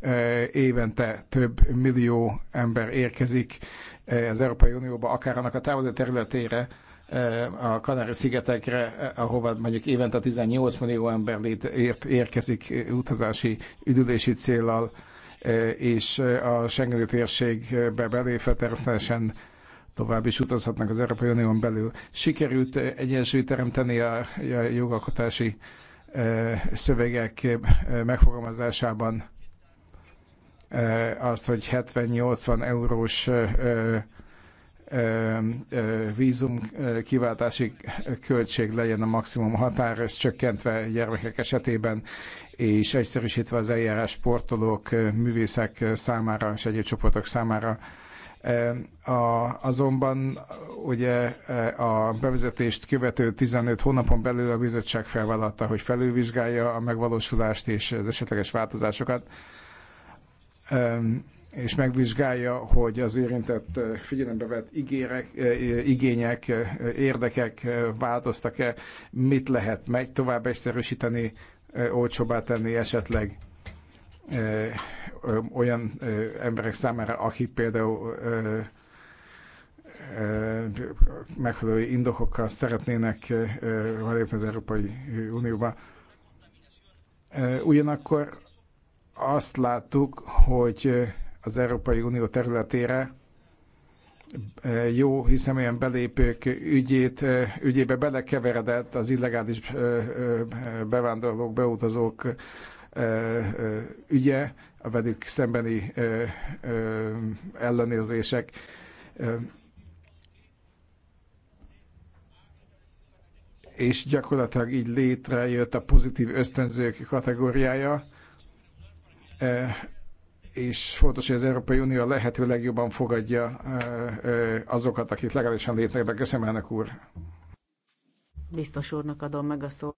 eh, évente több millió ember érkezik az Európai Unióba, akár annak a távoli területére, a Kanári-szigetekre, ahova mondjuk évente 18 millió ember lét, ért, érkezik utazási, üdülési célral, és a Schengeni térségbe belépve természetesen tovább is utazhatnak az Európai Unión belül. Sikerült egyensúlyt teremteni a, a jogalkotási szövegek megfogalmazásában azt, hogy 70-80 eurós vízum kiváltási költség legyen a maximum határ, ez csökkentve gyermekek esetében, és egyszerűsítve az eljárás sportolók, művészek számára és egyéb csoportok számára. A, azonban ugye a bevezetést követő 15 hónapon belül a bizottság felvállalta, hogy felülvizsgálja a megvalósulást és az esetleges változásokat és megvizsgálja, hogy az érintett eh, figyelembe vett ígérek, eh, igények, eh, érdekek változtak-e, mit lehet meg tovább egyszerűsíteni, olcsóbbá tenni esetleg olyan emberek számára, akik például megfelelő indokokkal szeretnének belépni az Európai Unióba. Ugyanakkor azt láttuk, hogy az Európai Unió területére, jó, hiszen olyan belépők ügyét, ügyébe belekeveredett az illegális bevándorlók, beutazók ügye, a velük szembeni ellenőrzések. És gyakorlatilag így létrejött a pozitív ösztönzők kategóriája és fontos, hogy az Európai Unió lehető legjobban fogadja azokat, akik legalábbisan lépnek be. Köszönöm, elnök úr! Biztos úrnak adom meg a szót.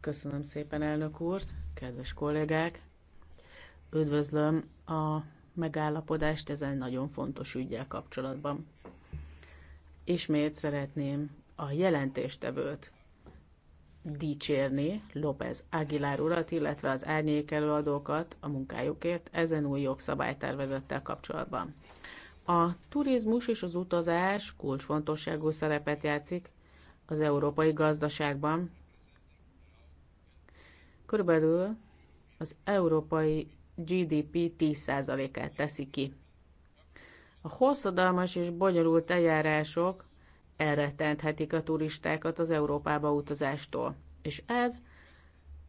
Köszönöm szépen, elnök úr, kedves kollégák! Üdvözlöm a megállapodást ezen nagyon fontos ügyel kapcsolatban. Ismét szeretném a jelentéstevőt dicsérni López Aguilar urat, illetve az árnyék előadókat a munkájukért ezen új jogszabálytervezettel kapcsolatban. A turizmus és az utazás kulcsfontosságú szerepet játszik az európai gazdaságban. Körülbelül az európai GDP 10%-át teszi ki. A hosszadalmas és bonyolult eljárások elrettenthetik a turistákat az Európába utazástól. És ez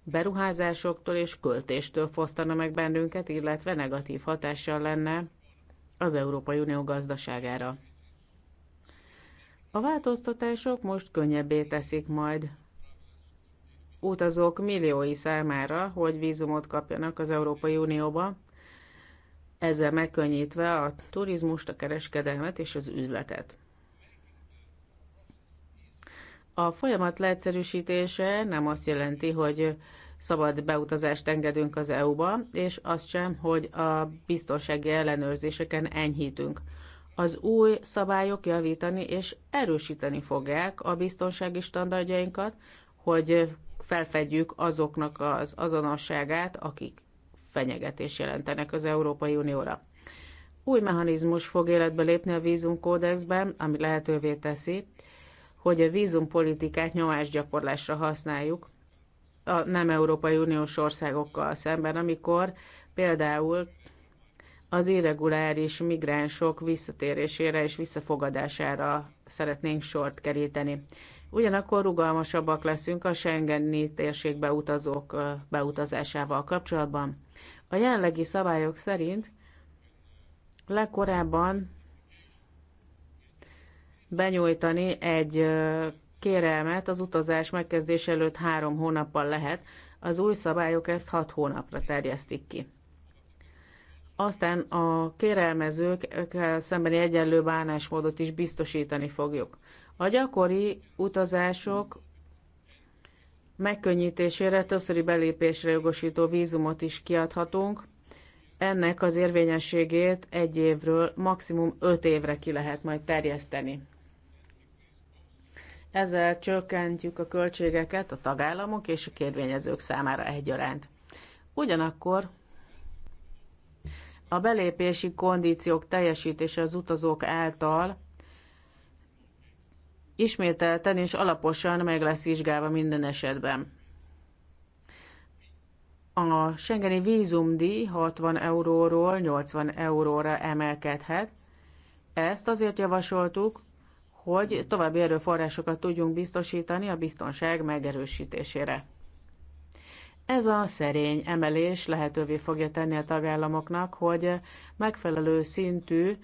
beruházásoktól és költéstől fosztana meg bennünket, illetve negatív hatással lenne az Európai Unió gazdaságára. A változtatások most könnyebbé teszik majd utazók milliói számára, hogy vízumot kapjanak az Európai Unióba, ezzel megkönnyítve a turizmust, a kereskedelmet és az üzletet. A folyamat leegyszerűsítése nem azt jelenti, hogy szabad beutazást engedünk az EU-ba, és azt sem, hogy a biztonsági ellenőrzéseken enyhítünk. Az új szabályok javítani és erősíteni fogják a biztonsági standardjainkat, hogy felfedjük azoknak az azonosságát, akik fenyegetés jelentenek az Európai Unióra. Új mechanizmus fog életbe lépni a vízumkódexben, ami lehetővé teszi, hogy a vízumpolitikát nyomásgyakorlásra használjuk a nem Európai Uniós országokkal szemben, amikor például az irreguláris migránsok visszatérésére és visszafogadására szeretnénk sort keríteni. Ugyanakkor rugalmasabbak leszünk a Schengeni térségbe utazók beutazásával kapcsolatban. A jelenlegi szabályok szerint legkorábban benyújtani egy kérelmet az utazás megkezdése előtt három hónappal lehet, az új szabályok ezt hat hónapra terjesztik ki. Aztán a kérelmezők szembeni egyenlő bánásmódot is biztosítani fogjuk. A gyakori utazások megkönnyítésére többszöri belépésre jogosító vízumot is kiadhatunk. Ennek az érvényességét egy évről maximum öt évre ki lehet majd terjeszteni. Ezzel csökkentjük a költségeket a tagállamok és a kérvényezők számára egyaránt. Ugyanakkor a belépési kondíciók teljesítése az utazók által ismételten és alaposan meg lesz vizsgálva minden esetben. A Schengeni vízumdíj 60 euróról 80 euróra emelkedhet. Ezt azért javasoltuk, hogy további erőforrásokat tudjunk biztosítani a biztonság megerősítésére. Ez a szerény emelés lehetővé fogja tenni a tagállamoknak, hogy megfelelő szintű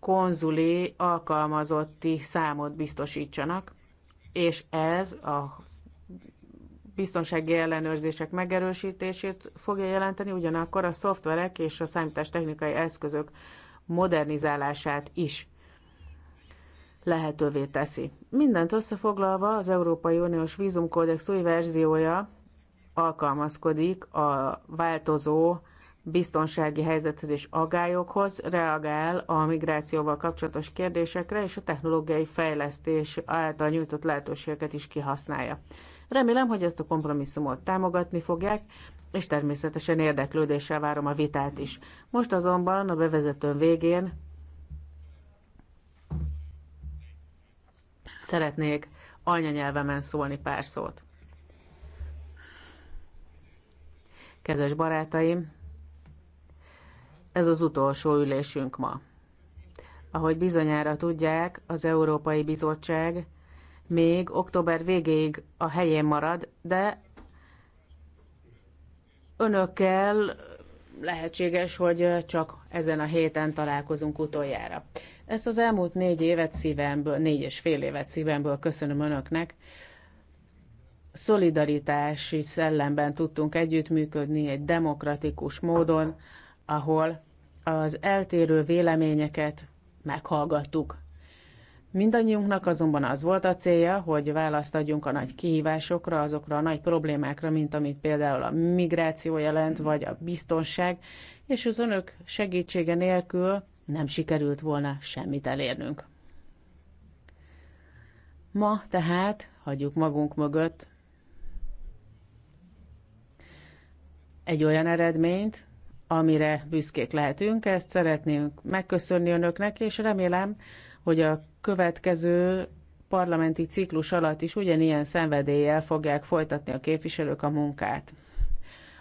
konzuli alkalmazotti számot biztosítsanak, és ez a biztonsági ellenőrzések megerősítését fogja jelenteni, ugyanakkor a szoftverek és a számítástechnikai eszközök modernizálását is lehetővé teszi. Mindent összefoglalva az Európai Uniós vízumkódex új verziója alkalmazkodik a változó biztonsági helyzethez és agályokhoz, reagál a migrációval kapcsolatos kérdésekre, és a technológiai fejlesztés által nyújtott lehetőségeket is kihasználja. Remélem, hogy ezt a kompromisszumot támogatni fogják, és természetesen érdeklődéssel várom a vitát is. Most azonban a bevezetőn végén Szeretnék anyanyelvemen szólni pár szót. Kedves barátaim, ez az utolsó ülésünk ma. Ahogy bizonyára tudják, az Európai Bizottság még október végéig a helyén marad, de önökkel lehetséges, hogy csak ezen a héten találkozunk utoljára. Ezt az elmúlt négy évet szívemből, négy és fél évet szívemből köszönöm önöknek. Szolidaritási szellemben tudtunk együttműködni egy demokratikus módon, ahol az eltérő véleményeket meghallgattuk. Mindannyiunknak azonban az volt a célja, hogy választ adjunk a nagy kihívásokra, azokra a nagy problémákra, mint amit például a migráció jelent, vagy a biztonság, és az önök segítsége nélkül nem sikerült volna semmit elérnünk. Ma tehát hagyjuk magunk mögött egy olyan eredményt, amire büszkék lehetünk. Ezt szeretnénk megköszönni önöknek, és remélem, hogy a következő parlamenti ciklus alatt is ugyanilyen szenvedéllyel fogják folytatni a képviselők a munkát.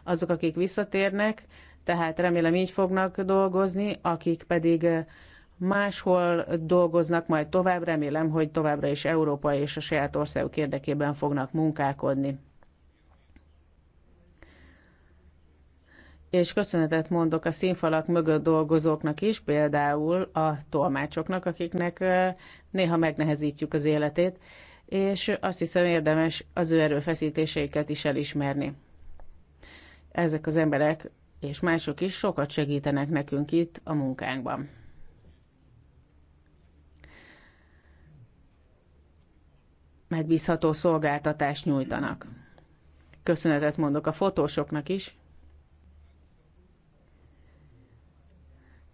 Azok, akik visszatérnek, tehát remélem így fognak dolgozni, akik pedig máshol dolgoznak majd tovább, remélem, hogy továbbra is Európa és a saját országuk érdekében fognak munkálkodni. és köszönetet mondok a színfalak mögött dolgozóknak is, például a tolmácsoknak, akiknek néha megnehezítjük az életét, és azt hiszem érdemes az ő erőfeszítéseiket is elismerni. Ezek az emberek és mások is sokat segítenek nekünk itt a munkánkban. Megbízható szolgáltatást nyújtanak. Köszönetet mondok a fotósoknak is,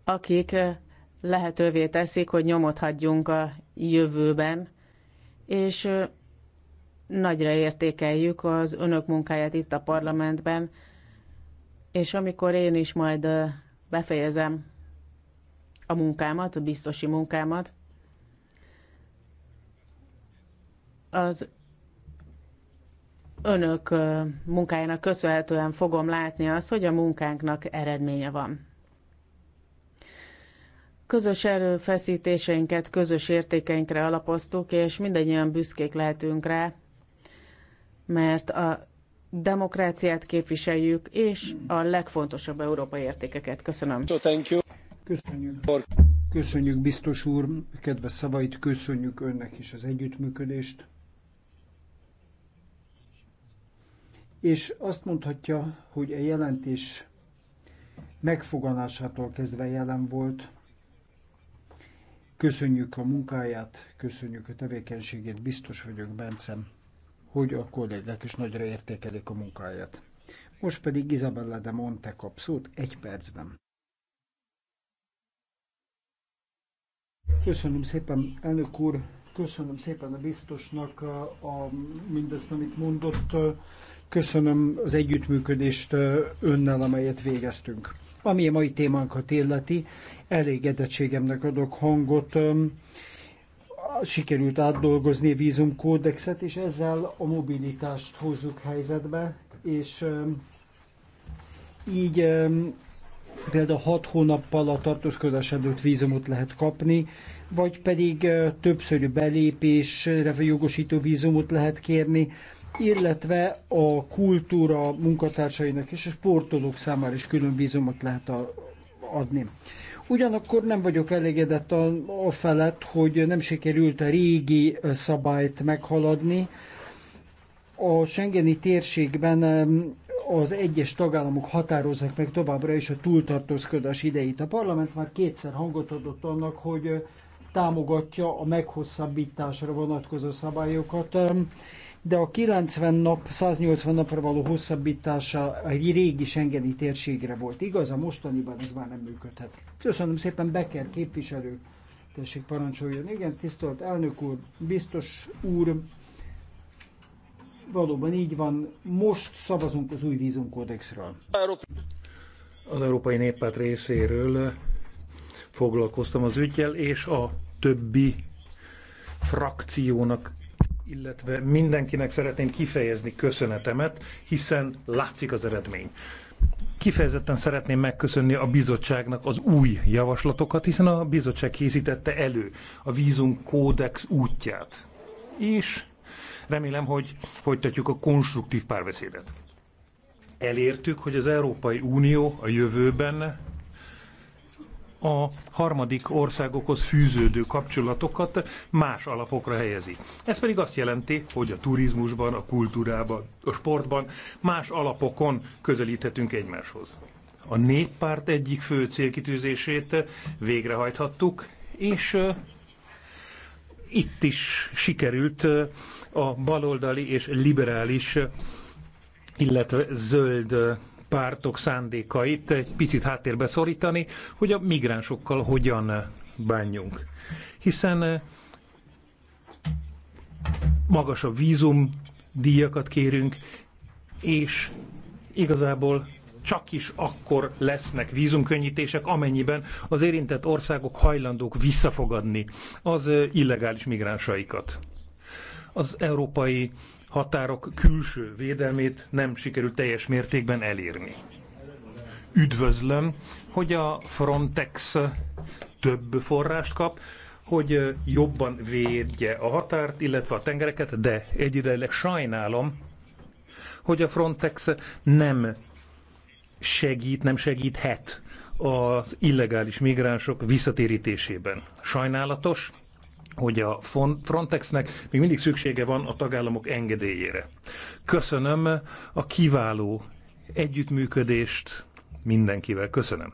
akik eh, lehetővé teszik, hogy nyomot hagyjunk a jövőben, és eh, nagyra értékeljük az önök munkáját itt a parlamentben, és amikor én is majd eh, befejezem a munkámat, a biztosi munkámat, az önök munkájának köszönhetően fogom látni azt, hogy a munkánknak eredménye van. Közös erőfeszítéseinket, közös értékeinkre alapoztuk, és mindannyian büszkék lehetünk rá, mert a demokráciát képviseljük, és a legfontosabb európai értékeket. Köszönöm. So thank you. Köszönjük. Köszönjük, biztos úr, kedves szavait, köszönjük önnek is az együttműködést. És azt mondhatja, hogy a jelentés megfogalásától kezdve jelen volt, Köszönjük a munkáját, köszönjük a tevékenységét, biztos vagyok, Bencem, hogy a kollégák is nagyra értékelik a munkáját. Most pedig Izabella de Monte kap szót egy percben. Köszönöm szépen, elnök úr, köszönöm szépen a biztosnak a, a, mindezt, amit mondott. Köszönöm az együttműködést önnel, amelyet végeztünk. Ami a mai témánkat illeti, elégedettségemnek adok hangot. Sikerült átdolgozni a vízumkódexet, és ezzel a mobilitást hozzuk helyzetbe, és így például 6 hónappal a tartózkodás előtt vízumot lehet kapni, vagy pedig többszörű belépésre jogosító vízumot lehet kérni, illetve a kultúra munkatársainak és a sportolók számára is külön vízumot lehet adni. Ugyanakkor nem vagyok elégedett a, a felett, hogy nem sikerült a régi szabályt meghaladni. A Schengeni térségben az egyes tagállamok határozzák meg továbbra is a túltartózkodás idejét. A parlament már kétszer hangot adott annak, hogy támogatja a meghosszabbításra vonatkozó szabályokat de a 90 nap, 180 napra való hosszabbítása egy régi Schengeni térségre volt igaz, a mostaniban ez már nem működhet. Köszönöm szépen, Becker képviselő, tessék parancsoljon. Igen, tisztelt elnök úr, biztos úr, valóban így van, most szavazunk az új vízumkódexről. Az Európai Néppárt részéről foglalkoztam az ügyjel, és a többi frakciónak illetve mindenkinek szeretném kifejezni köszönetemet, hiszen látszik az eredmény. Kifejezetten szeretném megköszönni a bizottságnak az új javaslatokat, hiszen a bizottság készítette elő a vízum kódex útját. És remélem, hogy folytatjuk a konstruktív párbeszédet. Elértük, hogy az Európai Unió a jövőben a harmadik országokhoz fűződő kapcsolatokat más alapokra helyezi. Ez pedig azt jelenti, hogy a turizmusban, a kultúrában, a sportban más alapokon közelíthetünk egymáshoz. A néppárt egyik fő célkitűzését végrehajthattuk, és itt is sikerült a baloldali és liberális, illetve zöld pártok szándékait egy picit háttérbe szorítani, hogy a migránsokkal hogyan bánjunk. Hiszen eh, magasabb vízum díjakat kérünk, és igazából csak is akkor lesznek vízumkönnyítések, amennyiben az érintett országok hajlandók visszafogadni az eh, illegális migránsaikat. Az európai határok külső védelmét nem sikerült teljes mértékben elérni. Üdvözlöm, hogy a Frontex több forrást kap, hogy jobban védje a határt, illetve a tengereket, de egyidejileg sajnálom, hogy a Frontex nem segít, nem segíthet az illegális migránsok visszatérítésében. Sajnálatos, hogy a Frontexnek még mindig szüksége van a tagállamok engedélyére. Köszönöm a kiváló együttműködést mindenkivel. Köszönöm.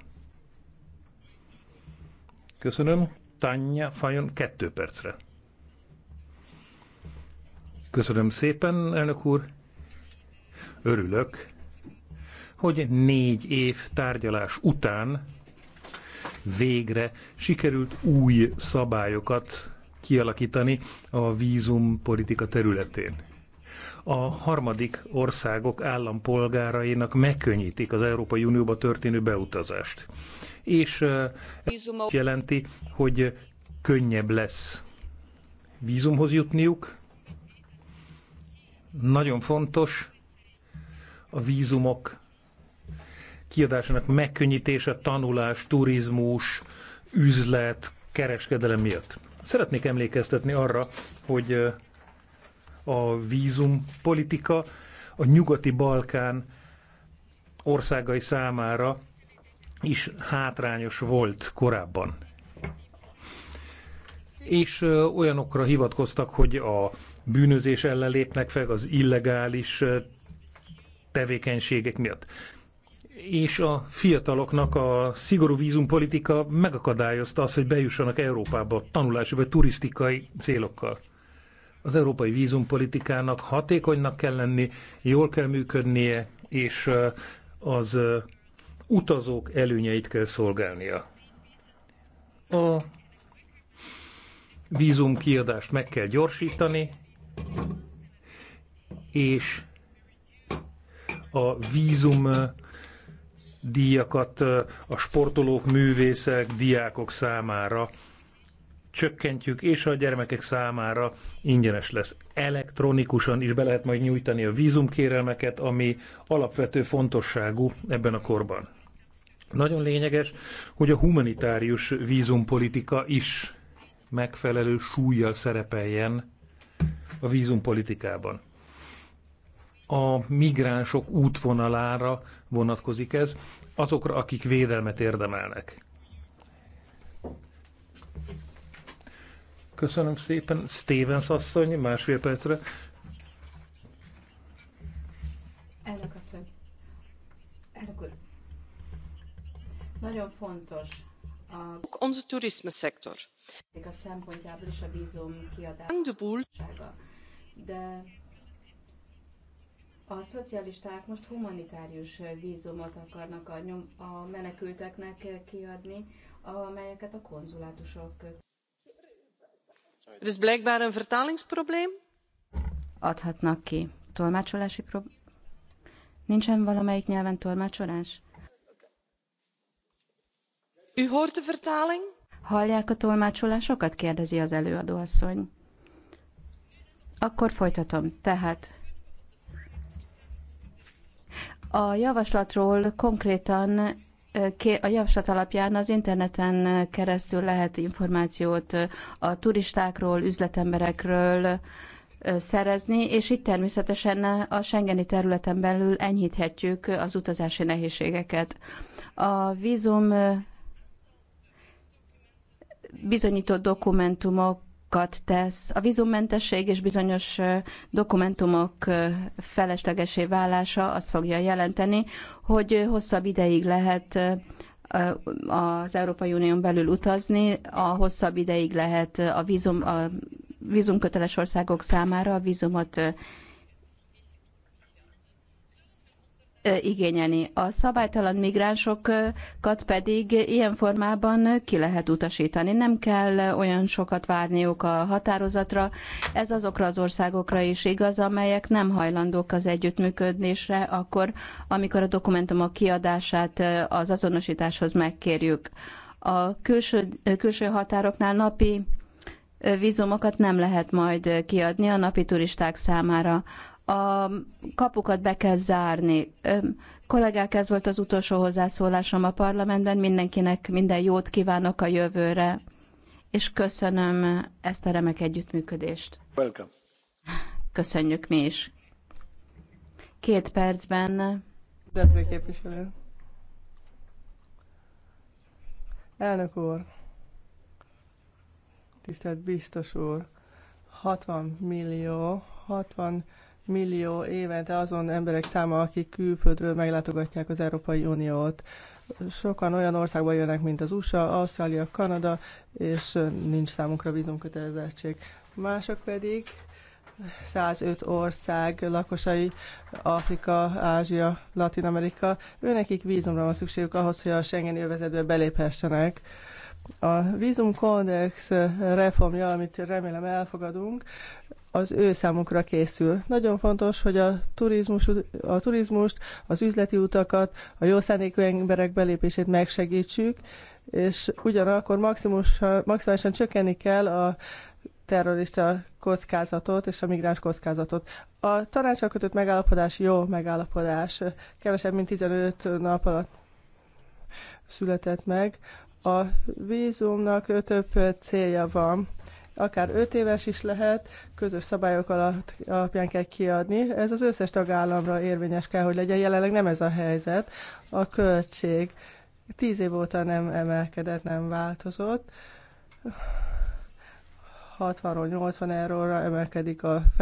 Köszönöm. Tanya Fajon kettő percre. Köszönöm szépen, elnök úr. Örülök, hogy négy év tárgyalás után végre sikerült új szabályokat kialakítani a vízumpolitika területén. A harmadik országok állampolgárainak megkönnyítik az Európai Unióba történő beutazást. És ez jelenti, hogy könnyebb lesz vízumhoz jutniuk. Nagyon fontos a vízumok kiadásának megkönnyítése, tanulás, turizmus, üzlet, kereskedelem miatt. Szeretnék emlékeztetni arra, hogy a vízumpolitika a nyugati Balkán országai számára is hátrányos volt korábban. És olyanokra hivatkoztak, hogy a bűnözés ellen lépnek fel az illegális tevékenységek miatt és a fiataloknak a szigorú vízumpolitika megakadályozta azt, hogy bejussanak Európába tanulási vagy turisztikai célokkal. Az európai vízumpolitikának hatékonynak kell lenni, jól kell működnie, és uh, az uh, utazók előnyeit kell szolgálnia. A vízumkiadást meg kell gyorsítani, és a vízum uh, díjakat a sportolók, művészek, diákok számára csökkentjük, és a gyermekek számára ingyenes lesz. Elektronikusan is be lehet majd nyújtani a vízumkérelmeket, ami alapvető fontosságú ebben a korban. Nagyon lényeges, hogy a humanitárius vízumpolitika is megfelelő súlyjal szerepeljen a vízumpolitikában. A migránsok útvonalára vonatkozik ez, azokra, akik védelmet érdemelnek. Köszönöm szépen. Stevens asszony, másfél percre. Elnök asszony. Elnök úr. Nagyon fontos a... Onze turizmuszektor. A szempontjából is a vízum kiadása. De a szocialisták most humanitárius vízumot akarnak a, nyom, a menekülteknek kiadni, amelyeket a konzulátusok. Er is blijkbaar een vertalingsprobleem? Adhatnak ki. Tolmácsolási probléma? Nincsen valamelyik nyelven tolmácsolás? U hoort de vertaling? Hallják a tolmácsolásokat? kérdezi az előadóasszony. Akkor folytatom. Tehát a javaslatról konkrétan a javaslat alapján az interneten keresztül lehet információt a turistákról, üzletemberekről szerezni, és itt természetesen a Schengeni területen belül enyhíthetjük az utazási nehézségeket. A vízum bizonyított dokumentumok kat tesz. A vízummentesség és bizonyos dokumentumok feleslegesé válása azt fogja jelenteni, hogy hosszabb ideig lehet az Európai Unión belül utazni, a hosszabb ideig lehet a vízum, a vízumköteles országok számára a vízumot igényelni. A szabálytalan migránsokat pedig ilyen formában ki lehet utasítani. Nem kell olyan sokat várniuk a határozatra. Ez azokra az országokra is igaz, amelyek nem hajlandók az együttműködésre, akkor, amikor a dokumentumok kiadását az azonosításhoz megkérjük. A külső, külső határoknál napi vízumokat nem lehet majd kiadni a napi turisták számára a kapukat be kell zárni. Kollégák, ez volt az utolsó hozzászólásom a parlamentben. Mindenkinek minden jót kívánok a jövőre, és köszönöm ezt a remek együttműködést. Welcome. Köszönjük mi is. Két percben. Debré képviselő. Elnök úr, tisztelt biztos úr, 60 millió, 60 millió évente azon emberek száma, akik külföldről meglátogatják az Európai Uniót. Sokan olyan országba jönnek, mint az USA, Ausztrália, Kanada, és nincs számunkra vízumkötelezettség. Mások pedig 105 ország lakosai, Afrika, Ázsia, Latin Amerika, őnekik vízumra van szükségük ahhoz, hogy a Schengen övezetbe beléphessenek. A vízumkódex reformja, amit remélem elfogadunk, az ő számukra készül. Nagyon fontos, hogy a, turizmus, a turizmust, az üzleti utakat, a jó szándékú emberek belépését megsegítsük, és ugyanakkor maximálisan csökkenni kell a terrorista kockázatot és a migráns kockázatot. A tanácsal kötött megállapodás jó megállapodás, kevesebb mint 15 nap alatt született meg. A vízumnak több célja van akár 5 éves is lehet, közös szabályok alatt, alapján kell kiadni. Ez az összes tagállamra érvényes kell, hogy legyen. Jelenleg nem ez a helyzet. A költség tíz év óta nem emelkedett, nem változott. 60 80 euróra emelkedik a fel